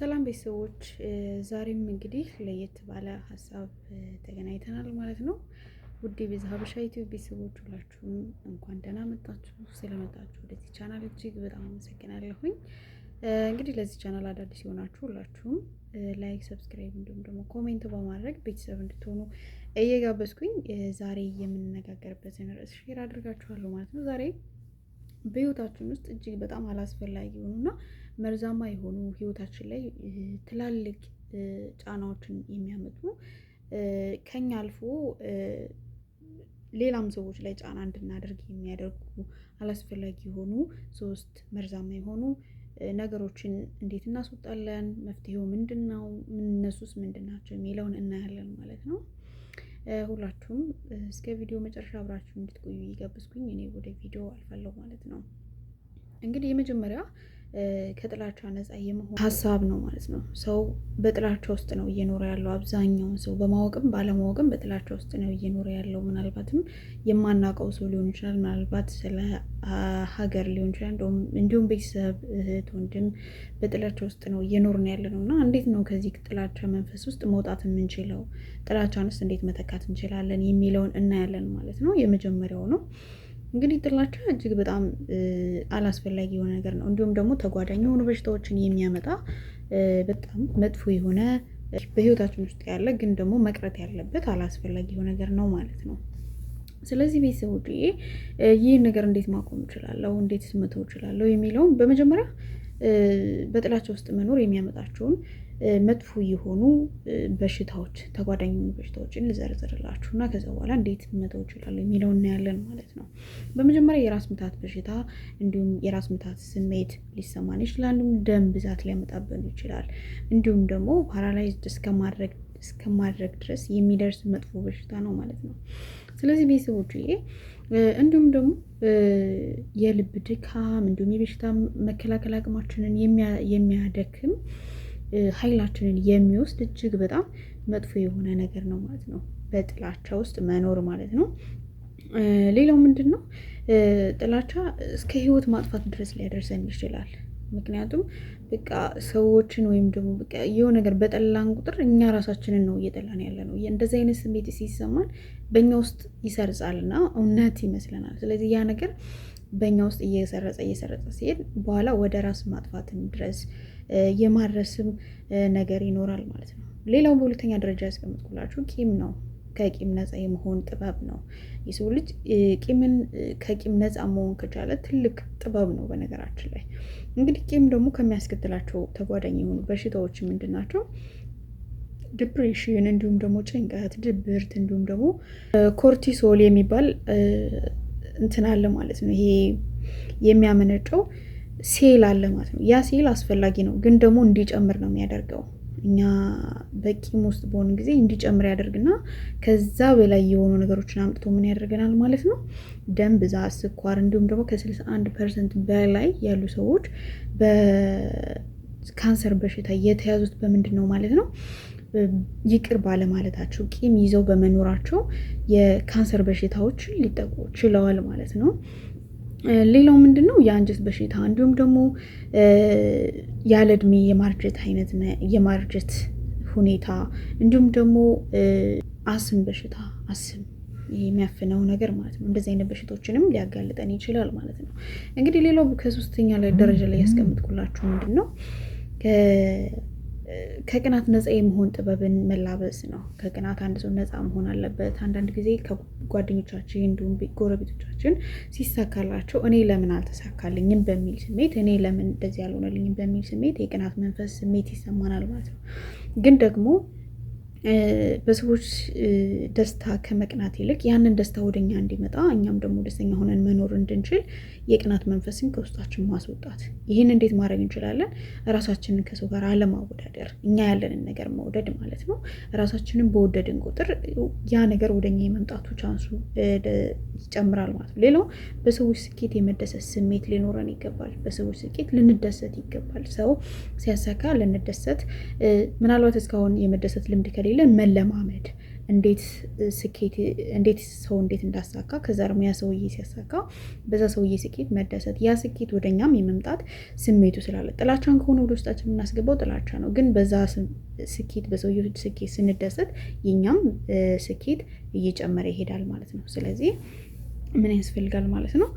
ሰላም ቤተሰቦች፣ ዛሬም እንግዲህ ለየት ባለ ሀሳብ ተገናኝተናል ማለት ነው። ውድ ቤዛ ሀበሻ ዩቲዩብ ቤተሰቦች ሁላችሁም እንኳን ደህና መጣችሁ። ስለመጣችሁ ወደዚህ ቻናል እጅግ በጣም አመሰግናለሁኝ። እንግዲህ ለዚህ ቻናል አዳዲስ የሆናችሁ ሁላችሁም ላይክ፣ ሰብስክራይብ እንዲሁም ደግሞ ኮሜንት በማድረግ ቤተሰብ እንድትሆኑ እየጋበዝኩኝ ዛሬ የምንነጋገርበትን ርዕስ ሼር አድርጋችኋለሁ ማለት ነው። ዛሬ በህይወታችን ውስጥ እጅግ በጣም አላስፈላጊ የሆኑና መርዛማ የሆኑ ህይወታችን ላይ ትላልቅ ጫናዎችን የሚያመጡ ከኛ አልፎ ሌላም ሰዎች ላይ ጫና እንድናደርግ የሚያደርጉ አላስፈላጊ የሆኑ ሶስት መርዛማ የሆኑ ነገሮችን እንዴት እናስወጣለን፣ መፍትሄው ምንድን ነው፣ እነሱስ ምንድን ናቸው የሚለውን እናያለን ማለት ነው። ሁላችሁም እስከ ቪዲዮ መጨረሻ አብራችሁ እንድትቆዩ እየጋበዝኩኝ እኔ ወደ ቪዲዮ አልፋለሁ ማለት ነው። እንግዲህ የመጀመሪያ ከጥላቻ ነፃ የመሆን ሀሳብ ነው ማለት ነው። ሰው በጥላቻ ውስጥ ነው እየኖረ ያለው። አብዛኛውን ሰው በማወቅም ባለማወቅም በጥላቻ ውስጥ ነው እየኖረ ያለው። ምናልባትም የማናውቀው ሰው ሊሆን ይችላል። ምናልባት ስለ ሀገር ሊሆን ይችላል። እንዲሁም ቤተሰብ፣ እህት፣ ወንድም በጥላቻ ውስጥ ነው እየኖርን ያለ ነው እና እንዴት ነው ከዚህ ጥላቻ መንፈስ ውስጥ መውጣት የምንችለው? ጥላቻንስ እንዴት መተካት እንችላለን? የሚለውን እናያለን ማለት ነው። የመጀመሪያው ነው እንግዲህ ጥላቻ እጅግ በጣም አላስፈላጊ የሆነ ነገር ነው። እንዲሁም ደግሞ ተጓዳኝ የሆኑ በሽታዎችን የሚያመጣ በጣም መጥፎ የሆነ በህይወታችን ውስጥ ያለ ግን ደግሞ መቅረት ያለበት አላስፈላጊ የሆነ ነገር ነው ማለት ነው። ስለዚህ ቤተሰቦች ይህ ነገር እንዴት ማቆም እችላለሁ፣ እንዴት ስመተው እችላለሁ የሚለውን በመጀመሪያ በጥላቻ ውስጥ መኖር የሚያመጣቸውን መጥፎ የሆኑ በሽታዎች ተጓዳኝ የሆኑ በሽታዎችን ልዘርዝርላችሁ እና ከዛ በኋላ እንዴት መተው እችላለሁ የሚለው እናያለን ማለት ነው። በመጀመሪያ የራስ ምታት በሽታ እንዲሁም የራስ ምታት ስሜት ሊሰማን ይችላል። እንዲሁም ደም ብዛት ሊያመጣብን ይችላል። እንዲሁም ደግሞ ፓራላይዝድ እስከማድረግ እስከማድረግ ድረስ የሚደርስ መጥፎ በሽታ ነው ማለት ነው። ስለዚህ ቤተሰቦች እንዲሁም ደግሞ የልብ ድካም እንዲሁም የበሽታ መከላከል አቅማችንን የሚያደክም ኃይላችንን የሚወስድ እጅግ በጣም መጥፎ የሆነ ነገር ነው ማለት ነው። በጥላቻ ውስጥ መኖር ማለት ነው። ሌላው ምንድን ነው? ጥላቻ እስከ ህይወት ማጥፋት ድረስ ሊያደርሰን ይችላል። ምክንያቱም በቃ ሰዎችን ወይም ደግሞ በቃ የሆነ ነገር በጠላን ቁጥር እኛ ራሳችንን ነው እየጠላን ያለ ነው። እንደዚህ አይነት ስሜት ሲሰማን በእኛ ውስጥ ይሰርጻልና እውነት ይመስለናል። ስለዚህ ያ ነገር በእኛ ውስጥ እየሰረጸ እየሰረጸ ሲሄድ በኋላ ወደ ራስ ማጥፋትን ድረስ የማድረስም ነገር ይኖራል ማለት ነው። ሌላው በሁለተኛ ደረጃ ያስቀምጥኩላችሁ ቂም ነው። ከቂም ነፃ የመሆን ጥበብ ነው። የሰው ልጅ ቂምን ከቂም ነፃ መሆን ከቻለ ትልቅ ጥበብ ነው። በነገራችን ላይ እንግዲህ ቂም ደግሞ ከሚያስከትላቸው ተጓዳኝ የሆኑ በሽታዎች ምንድን ናቸው? ዲፕሬሽን፣ እንዲሁም ደግሞ ጭንቀት፣ ድብርት እንዲሁም ደግሞ ኮርቲሶል የሚባል እንትን አለ ማለት ነው። ይሄ የሚያመነጨው ሴል አለ ማለት ነው። ያ ሴል አስፈላጊ ነው፣ ግን ደግሞ እንዲጨምር ነው የሚያደርገው እኛ በቂም ውስጥ በሆነ ጊዜ እንዲጨምር ያደርግና ከዛ በላይ የሆኑ ነገሮችን አምጥቶ ምን ያደርገናል ማለት ነው። ደም ብዛት፣ ስኳር እንዲሁም ደግሞ ከ61 ፐርሰንት በላይ ያሉ ሰዎች በካንሰር በሽታ የተያዙት በምንድን ነው ማለት ነው ይቅር ባለማለታቸው ቂም ይዘው በመኖራቸው የካንሰር በሽታዎችን ሊጠቁ ችለዋል ማለት ነው። ሌላው ምንድን ነው የአንጀት በሽታ እንዲሁም ደግሞ ያለ እድሜ የማርጀት አይነት የማርጀት ሁኔታ እንዲሁም ደግሞ አስም በሽታ አስም የሚያፍነው ነገር ማለት ነው። እንደዚህ አይነት በሽታዎችንም ሊያጋልጠን ይችላል ማለት ነው። እንግዲህ ሌላው ከሶስተኛ ላይ ደረጃ ላይ ያስቀምጥኩላችሁ ምንድን ነው ከቅናት ነፃ የመሆን ጥበብን መላበስ ነው። ከቅናት አንድ ሰው ነፃ መሆን አለበት። አንዳንድ ጊዜ ከጓደኞቻችን እንዲሁም ጎረቤቶቻችን ሲሳካላቸው እኔ ለምን አልተሳካልኝም በሚል ስሜት፣ እኔ ለምን እንደዚህ አልሆነልኝም በሚል ስሜት የቅናት መንፈስ ስሜት ይሰማናል ማለት ነው ግን ደግሞ በሰዎች ደስታ ከመቅናት ይልቅ ያንን ደስታ ወደኛ እንዲመጣ እኛም ደግሞ ደስተኛ ሆነን መኖር እንድንችል የቅናት መንፈስን ከውስጣችን ማስወጣት። ይህን እንዴት ማድረግ እንችላለን? ራሳችንን ከሰው ጋር አለማወዳደር፣ እኛ ያለንን ነገር መውደድ ማለት ነው። ራሳችንን በወደድን ቁጥር ያ ነገር ወደኛ የመምጣቱ ቻንሱ ይጨምራል ማለት ነው። ሌላው በሰዎች ስኬት የመደሰት ስሜት ሊኖረን ይገባል። በሰዎች ስኬት ልንደሰት ይገባል። ሰው ሲያሳካ ልንደሰት ምናልባት እስካሁን የመደሰት ልምድ ከሌ አይደለም መለማመድ እንዴት ስኬት እንዴት ሰው እንዴት እንዳሳካ ከዛ ደግሞ ያ ሰውዬ ሲያሳካ በዛ ሰውዬ ስኬት መደሰት ያ ስኬት ወደኛም የመምጣት ስሜቱ ስላለ ጥላቻን ከሆነ ወደ ውስጣችን የምናስገባው ጥላቻ ነው። ግን በዛ ስኬት በሰውየ ስኬት ስንደሰት የኛም ስኬት እየጨመረ ይሄዳል ማለት ነው። ስለዚህ ምን ያስፈልጋል ማለት ነው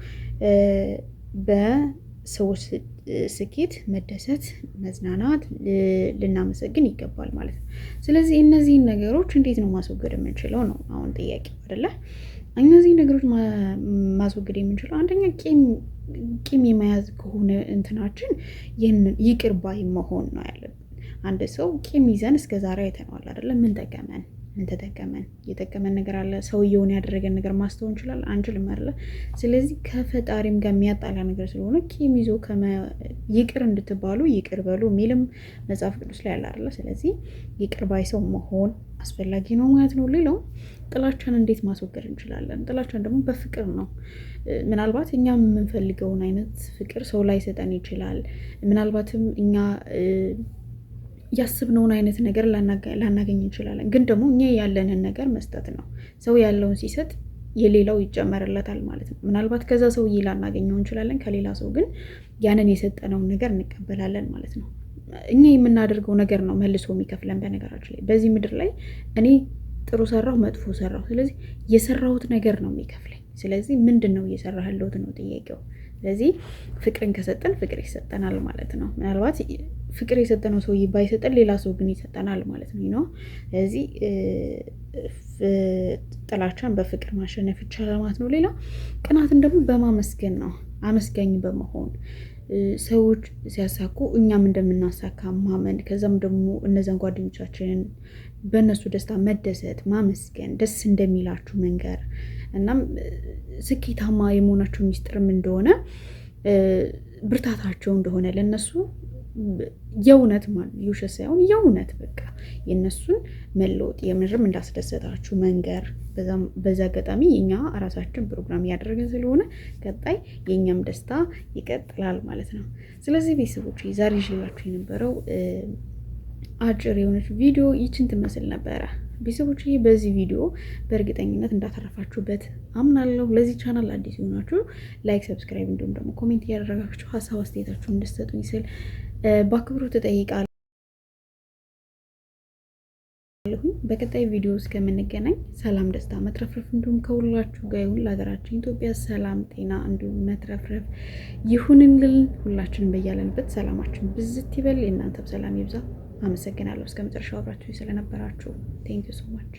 በ ሰዎች ስኬት፣ መደሰት፣ መዝናናት ልናመሰግን ይገባል ማለት ነው። ስለዚህ እነዚህን ነገሮች እንዴት ነው ማስወገድ የምንችለው ነው አሁን ጥያቄ አይደለ? እነዚህን ነገሮች ማስወገድ የምንችለው አንደኛ ቂም የመያዝ ከሆነ እንትናችን ይህንን ይቅር ባይ መሆን ነው ያለብን። አንድ ሰው ቂም ይዘን እስከ ዛሬ አይተነዋል አይደለ? ምን ጠቀመን? እንተጠቀመን የጠቀመን ነገር አለ። ሰውየውን ያደረገን ነገር ማስተው እንችላል አንችልም አለ። ስለዚህ ከፈጣሪም ጋር የሚያጣላ ነገር ስለሆነ ቂም ይዞ ይቅር እንድትባሉ ይቅር በሉ የሚልም መጽሐፍ ቅዱስ ላይ ያለ ስለዚህ ይቅር ባይ ሰው መሆን አስፈላጊ ነው ማለት ነው። ሌላው ጥላቻን እንዴት ማስወገድ እንችላለን? ጥላቻን ደግሞ በፍቅር ነው። ምናልባት እኛ የምንፈልገውን አይነት ፍቅር ሰው ላይ ሰጠን ይችላል። ምናልባትም እኛ ያስብነውን አይነት ነገር ላናገኝ እንችላለን። ግን ደግሞ እኛ ያለንን ነገር መስጠት ነው። ሰው ያለውን ሲሰጥ የሌላው ይጨመርለታል ማለት ነው። ምናልባት ከዛ ሰውዬ ላናገኘው እንችላለን። ከሌላ ሰው ግን ያንን የሰጠነውን ነገር እንቀበላለን ማለት ነው። እኛ የምናደርገው ነገር ነው መልሶ የሚከፍለን። በነገራችን ላይ በዚህ ምድር ላይ እኔ ጥሩ ሰራሁ፣ መጥፎ ሰራሁ፣ ስለዚህ የሰራሁት ነገር ነው የሚከፍለኝ። ስለዚህ ምንድን ነው እየሰራ ያለሁት ነው ጥያቄው። ስለዚህ ፍቅርን ከሰጠን ፍቅር ይሰጠናል ማለት ነው ምናልባት ፍቅር የሰጠነው ሰውዬ ባይሰጠን ሌላ ሰው ግን ይሰጠናል ማለት ነው ነው። ስለዚህ ጥላቻን በፍቅር ማሸነፍ ይቻላል ማለት ነው። ሌላ ቅናትን ደግሞ በማመስገን ነው፣ አመስጋኝ በመሆን ሰዎች ሲያሳኩ እኛም እንደምናሳካ ማመን፣ ከዛም ደግሞ እነዛን ጓደኞቻችንን በእነሱ ደስታ መደሰት፣ ማመስገን፣ ደስ እንደሚላችሁ መንገር እናም ስኬታማ የመሆናቸው ሚስጥርም እንደሆነ ብርታታቸው እንደሆነ ለእነሱ የእውነት ማለት ነው የውሸት ሳይሆን የእውነት በቃ የእነሱን መለወጥ የምርም እንዳስደሰታችሁ መንገር። በዛ አጋጣሚ የኛ ራሳችን ፕሮግራም እያደረግን ስለሆነ ቀጣይ የእኛም ደስታ ይቀጥላል ማለት ነው። ስለዚህ ቤተሰቦች ዛሬ ይዤላችሁ የነበረው አጭር የሆነች ቪዲዮ ይችን ትመስል ነበረ። ቤተሰቦች በዚህ ቪዲዮ በእርግጠኝነት እንዳተረፋችሁበት አምናለሁ። ለዚህ ቻናል አዲስ የሆናችሁ ላይክ፣ ሰብስክራይብ እንዲሁም ደግሞ ኮሜንት እያደረጋችሁ ሀሳብ አስተያየታችሁ እንድትሰጡኝ ስል በአክብሮት እጠይቃለሁ። በቀጣይ ቪዲዮ እስከምንገናኝ ሰላም፣ ደስታ፣ መትረፍረፍ እንዲሁም ከሁላችሁ ጋር ይሁን። ለሀገራችን ኢትዮጵያ ሰላም፣ ጤና እንዲሁም መትረፍረፍ ይሁንልን። ሁላችን በያለንበት ሰላማችን ብዝት ይበል። የእናንተም ሰላም ይብዛ። አመሰግናለሁ። እስከ መጨረሻው አብራችሁ ስለነበራችሁ ቴንኪዩ ሶ ማች